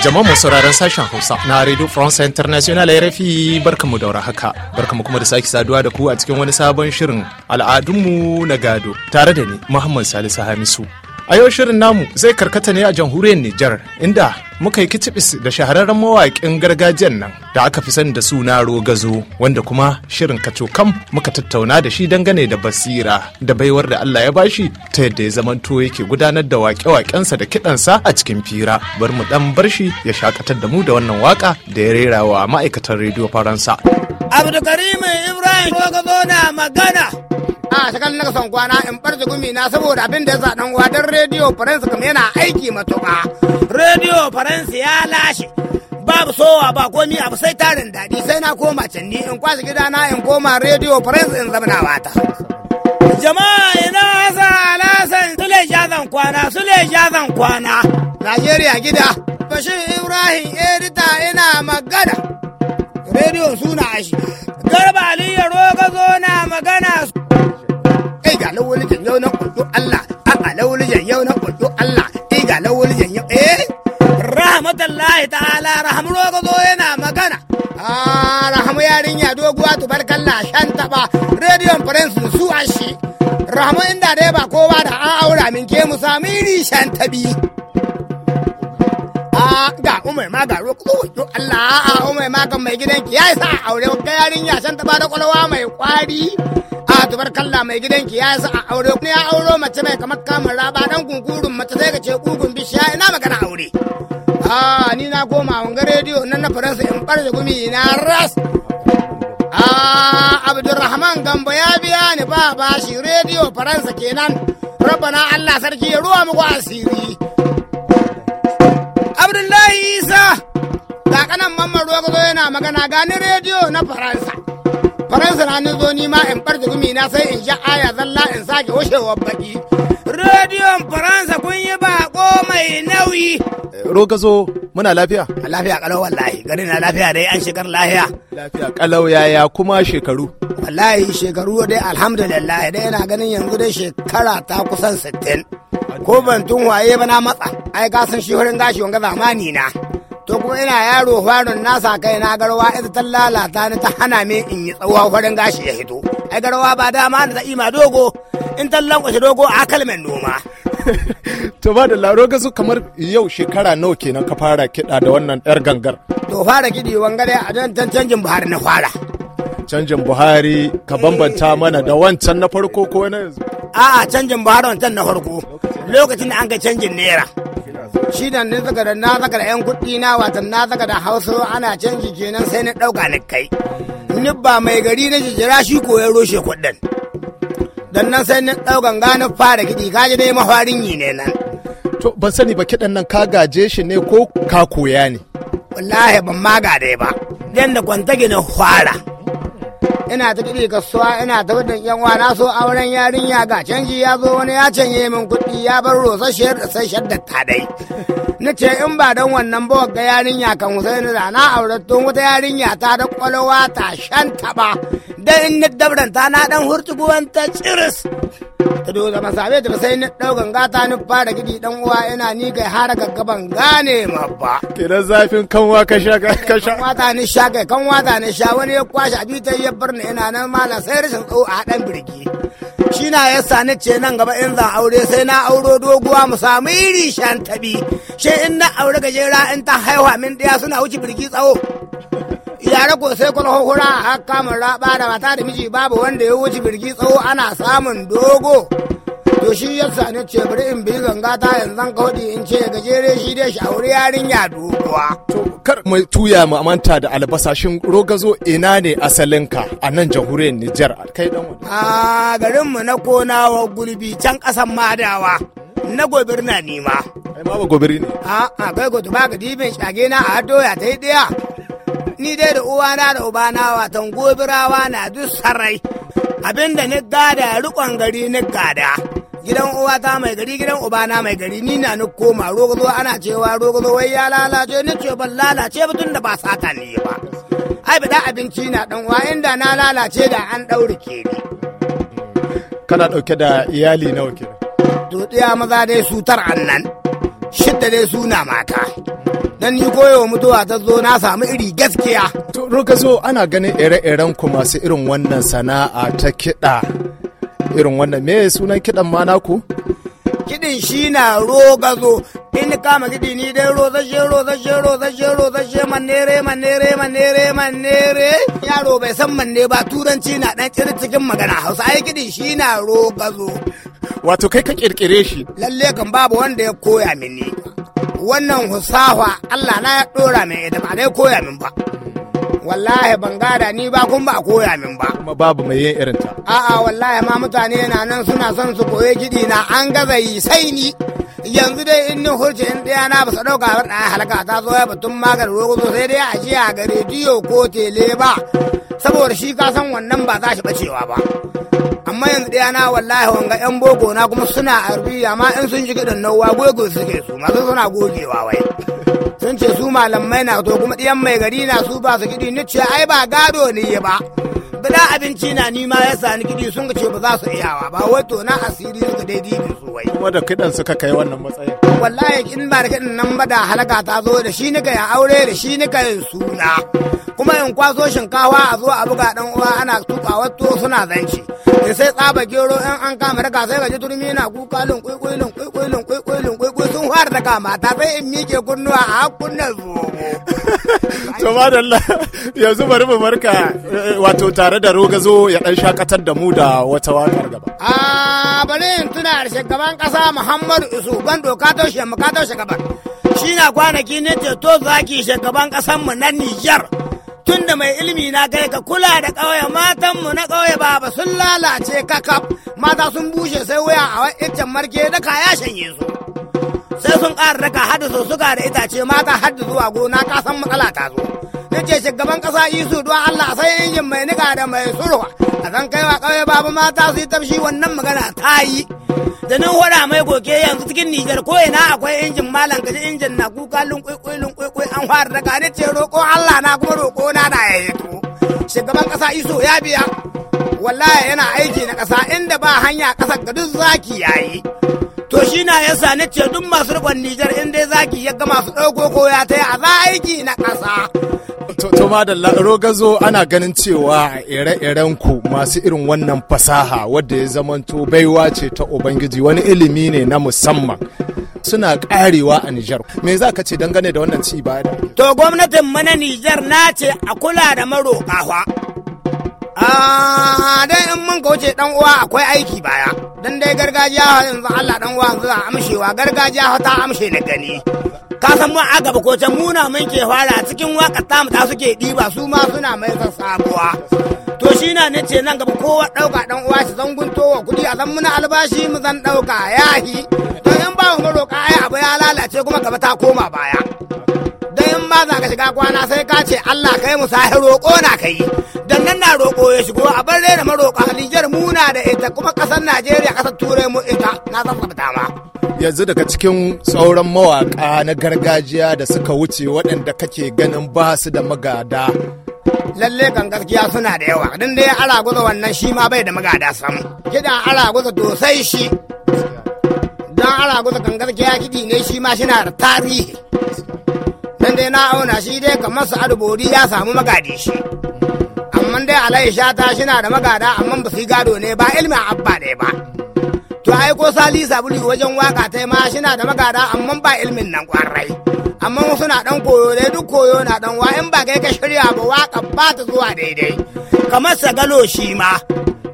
jama'a mu sauraron sashen Hausa na Radio France International RFI barkamu daura haka barkamu kuma da sake saduwa da ku a cikin wani sabon shirin al'adunmu na gado tare da ni Muhammad Salisu Hamisu A yau shirin namu zai karkata ne a jamhuriyar Nijar inda muka yi kicibis da shahararren mawaƙin gargajiyar nan da aka fi sani da suna Rogazo wanda kuma shirin kacokam muka tattauna da shi dangane da basira da baiwar da Allah ya bashi ta yadda ya zamanto yake gudanar da waƙe-waƙensa da kiɗansa a cikin fira bar mu ɗan shi ya shakatar da mu da wannan waƙa da ya rera wa ma'aikatan rediyo Faransa. Abdulkarim Ibrahim Rogazo na magana. a shakar na kasan kwana in barci gumi na saboda abin da ya sa dan uwa dan rediyo faransa kuma yana aiki matuƙa rediyo faransa ya lashe babu sowa ba komi abu sai tarin daɗi sai na koma can in kwashe gidana in koma rediyo faransa in na wata jama'a ina sa alasan sule jazan kwana sule jazan kwana najeriya gida bashir ibrahim edita ina magana rediyo suna ashi garba aliyu roga zo na magana Eh, ga lawul jan yau na ƙulƙu Allah a ah, ah, lawul jan yau na ƙulƙu Allah e ga lawul jan yau eh rahmatullahi ta'ala rahmu rogo yana magana a ah, rahmu yarinya doguwa tubarkalla shan taba rediyon prince su ashe rahmu inda dai ba kowa da an aura min ke mu samiri shan tabi ga umar ma ga roƙo Allah a umar ma kan mai gidanki ya sa aure ga yarinya shan taba da kwalwa mai kwari kalla mai gidan gidanki ya yasa a aure ne ya auro mace mai kamar kamar raba dan kunkurun mace sai ka ce kugun bishiya ina magana aure a ni na koma wanga rediyo nan na faransa in da gumi na ras a abdurrahman gambo ya biya ni ba shi rediyo faransa kenan rabbana allah sarki ya ruwa muku asiri abdullahi isa ga kanan mamman ruwa yana magana gani rediyo na faransa faransa na ni zo ni ma in bar gumi na sai in sha aya zalla in sake washewar baki rediyon faransa kun yi bako mai nauyi zo muna lafiya lafiya kalau wallahi gari na lafiya dai an shekar lafiya lafiya kalau yaya kuma shekaru wallahi shekaru dai alhamdulillah dai yana ganin yanzu dai shekara ta kusan sittin ko ban tun waye ba na matsa ai ka san shi wurin gashi wanga zamani na to kuma ina yaro farin nasa kai na garwa ita ta lalata ni ta hana me in yi tsawon farin gashi ya hito ai garwa ba dama na ta ima dogo in ta kwashe dogo a kalmen noma to ba da laro ga su kamar yau shekara nawa kenan ka fara kiɗa da wannan yar gangar to fara kiɗi wangare a don canjin buhari na fara canjin buhari ka bambanta mana da wancan na farko ko na yanzu a'a canjin buhari wancan na farko lokacin da an ga canjin naira shi da na zaga da na zaga da yan kuɗi na watan na zaga da hausa ana canji kenan sai na ɗauka ni kai ni ba mai gari na jijira shi ko ya roshe kuɗin dan nan sai na ɗaukan gani fara kiɗi kaji dai mafarin yi ne nan. to ban sani ba kiɗan nan ka gaje shi ne ko ka koya ne. wallahi ban ma gade ba dan da kwantage na fara. ina ta dubi kasuwa ina ta gudun yan na so auren yarinya ga canji ya zo wani ya canye min kuɗi ya bar rosasshiyar da sai shadda ta dai na ce in ba dan wannan ba ga yarinya kan Husainu da na aurattun wata yarinya ta da kwalowa ta shan taba dan in na dabranta na dan hurtubuwan ta tsiris dole zama sabe ta sai ni daukan gata ni fara gidi dan uwa ina ni kai har gaggaban gane ma ba kidan zafin kanwa ka sha ka sha wata ni sha kai kan wata ni sha wani ya kwashi abi ta ya bar ni ina nan mala sai rashin tsau a dan birki shi na ya ni ce nan gaba in zan aure sai na auro doguwa mu samu iri shan tabi shi in na aure gajera in ta haihuwa min daya suna wuce birki tsawo yare ko sai kwalhohura har kamun raba da mata da miji babu wanda ya wuce birgi tsawo ana samun dogo to shi yasa ne ce bari in bi ganga ta yanzu ka hudi in ce gajere shi dai shawuri yarinya doguwa to kar mai tuya mu amanta da albasa shin rogazo ina ne asalinka a nan jamhuriyar Nijar kai dan wani a garin mu na konawa gulbi can kasan madawa na gobir na nima ai ma ba gobiri ne a a kai ko to ba ga dibin shage na a doya ta yi daya ni dai da uwana da ubana watan gobirawa na duk sarai abinda ni gada rikon gari ni gada gidan uwata mai gari gidan ubana mai gari ni na ni koma rogozo ana cewa rogozo wai ya lalace ni ce ban lalace ba tun da ba sata ni ba ai bada abinci na dan uwa inda na lalace da an daure ke ni kana dauke da iyali nawa kenan to maza dai su tar annan shidda dai suna mata Dan ni koyo mutuwa ta zo na samu iri gaskiya. To roka zo ana ganin ire-iren ku masu irin wannan sana'a ta kiɗa. Irin wannan me sunan kiɗan ma naku? Kiɗin shi na rogazo in kama kiɗi ni dai rozashe rozashe rozashe rozashe manere manere manere manere yaro bai san manne ba turanci na dan tsirin cikin magana hausa ai kiɗin shi na rogazo wato kai ka kirkire shi lalle kan babu wanda ya koya mini wannan husafa Allah na ya dora min ita ba koya min ba wallahi ban gada ni ba kun ba koya min ba kuma babu mai yin irin ta a'a wallahi ma mutane na nan suna son su koye kiɗi na an gaza yi sai ni yanzu dai in ni hurce in ɗaya na ba su ɗauka ba ɗaya halaka ta zo ya batun maganin rogo sai dai a ce a ga rediyo ko tele ba saboda shi ka san wannan ba za shi bacewa ba amma yanzu ɗaya na wallahi wanga yan boko na kuma suna arbi amma in sun shiga da nawa gogo suke su masu suna gogewa wai sun ce su malamai na to kuma ɗiyan mai gari na su ba su gidi ni ce ai ba gado ne ba bada abinci na nima ma ya sani gidi sun ce ba za su iyawa ba wai to na asiri suka dai dibi su wai kuma da kiɗan suka kai wannan matsayin wallahi in ba da kiɗan nan ba da halaka ta zo da shi nika ya aure da shi nika yin suna kuma in kwaso shinkawa a zo a buga dan uwa ana tuƙa wato suna zanci da sai tsaba gero in an kama daga sai gaji turmi na kuka lin kwai lin kwai lin kwai lin kwai sun fara daga mata sai in mike kunnuwa a hakunan zuwa to Allah yanzu bari mu barka eh, wato tare tare da rogazo ya ɗan shakatar da mu da wata wakar gaba. A bari in tuna da shugaban ƙasa Muhammadu Isu ban doka to shi muka to shugaban. Shi na kwanaki ne ce to zaki shugaban ƙasan mu na Nijar. Tun da mai ilimi na kai ka kula da ƙauye matan mu na ƙauye baba sun lalace kakaf mata sun bushe sai wuya a iccen marke da kaya shanye su. Sai sun ƙara daga hada su suka da itace mata hada zuwa gona kasan matsala ta zo. ce shugaban kasa isu duwa Allah sai injin mai nika da mai surwa a san kai wa kawai babu mata su yi tafshi wannan magana ta yi da nan wada mai goke yanzu cikin Nijar ko ina akwai injin malam kaji injin na kuka lunkwaikwai lunkwaikwai an fara daga ce roko Allah na kuma roko na na yayyato shugaban kasa iso ya biya wallahi yana aiki na kasa inda ba hanya kasar ga duk zaki yayi to shi na yasa na ce duk masu rikon Nijar in dai zaki ya gama su ɗauko ko ya ta a za aiki na kasa. to madalla gazo ana ganin cewa ire-iren ku masu irin wannan fasaha wadda ya zamanto baiwa ce ta ubangiji wani ilimi ne na musamman suna karewa a Nijar. Me za ka ce dangane da wannan ci baya? To gwamnatin mana Nijar na ce a kula da Ah, dai in mun kauce dan uwa akwai aiki baya dan dai gargajiya yanzu Allah dan uwa yanzu amshewa gargajiya ta amshe na gani ka san mun aga ba can muna mun ke fara cikin waka ta mu ta suke diba su ma suna mai sabuwa to shi na ne ce nan gaba kowa dauka dan uwa shi zangun wa kudi a zan muna albashi mu zan dauka yahi to in ba mu roka ai abu ya lalace kuma gaba ta koma baya dan in ma za ka shiga kwana sai ka ce Allah kai mu sai roko na kai dan nan na roko ya shigo a bar da maroka Niger muna da ita kuma kasar Najeriya kasar Turai mu ita na zan yanzu daga cikin sauran mawaka na gargajiya da suka wuce waɗanda kake ganin ba su da magada lalle kan gaskiya suna da yawa din dai ara guza wannan shi ma bai da magada sam kidan ara guza dosai shi dan ara guza kan gaskiya kidi ne shi ma shina da tarihi dan dai na auna shi dai kamar su adubori ya samu magadi shi amma dai alaisha ta shina da magada amma ba su gado ne ba ilmin abba ne ba to ai ko sali sabulu wajen waka ta ma shina da magada amma ba ilmin nan kwarai amma wasu na dan koyo dai duk koyo na dan wa in ba kai ka shirya ba waka ba ta zuwa daidai kamar sagalo shi ma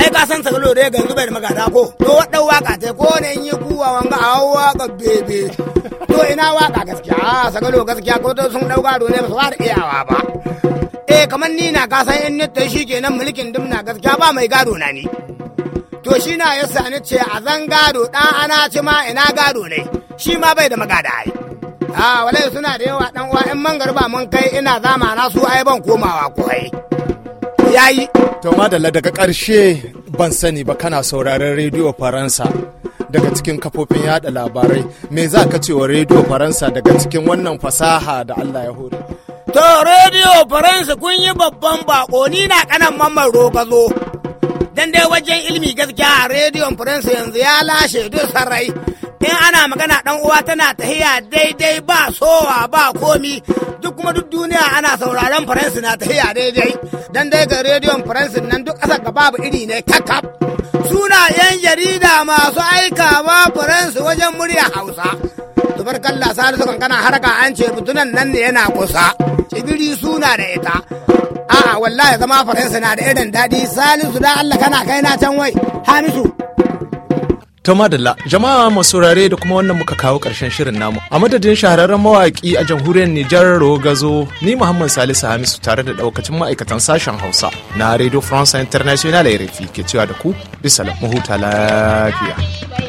ai ka san sagalo dai ganzu bai da magada ko to wadan waka ta ko ne yin kuwa wanga a waka bebe to ina waka gaskiya sagalo gaskiya ko to sun dauka dole ba su fara iyawa ba eh kamar ni na kasan in ne ta shi kenan mulkin dimna gaskiya ba mai gado na ni to shi na ya sani ce a zan gado ɗan ana ci ma ina gado ne shi ma bai da magada ai a wale suna da yawa ɗan uwa in man garba mun kai ina zama na su ai ban komawa ko ai yayi to madalla daga ƙarshe ban sani ba kana sauraron rediyo faransa daga cikin kafofin yada labarai me za ka ce wa rediyo faransa daga cikin wannan fasaha da allah ya hore to rediyo faransa kun yi babban bako ni na kanan mamman roba zo dan dai wajen ilimi gaskiya a rediyon faransa yanzu ya lashe duk sarai in ana magana dan uwa tana tahiya daidai ba sowa ba komi duk kuma duk duniya ana sauraron faransa na tahiya daidai dan dai ga rediyon faransa nan duk ƙasar ga babu iri ne kakab suna yan jarida masu aika aikawa faransa wajen murya hausa tubarkalla salisu kankana harka an ce mutunan nan ne yana kusa Cibiri suna da ita a'a wallahi zama faransa na da irin daɗi salisu da allah kana kai na can wai hamisu ta madalla jama'a masu rare da kuma wannan muka kawo karshen shirin namu a madadin shahararren mawaƙi a jamhuriyar nijar rogazo ni muhammad salisu hamisu tare da ɗaukacin ma'aikatan sashen hausa na radio france international rfi ke cewa da ku bisa huta lafiya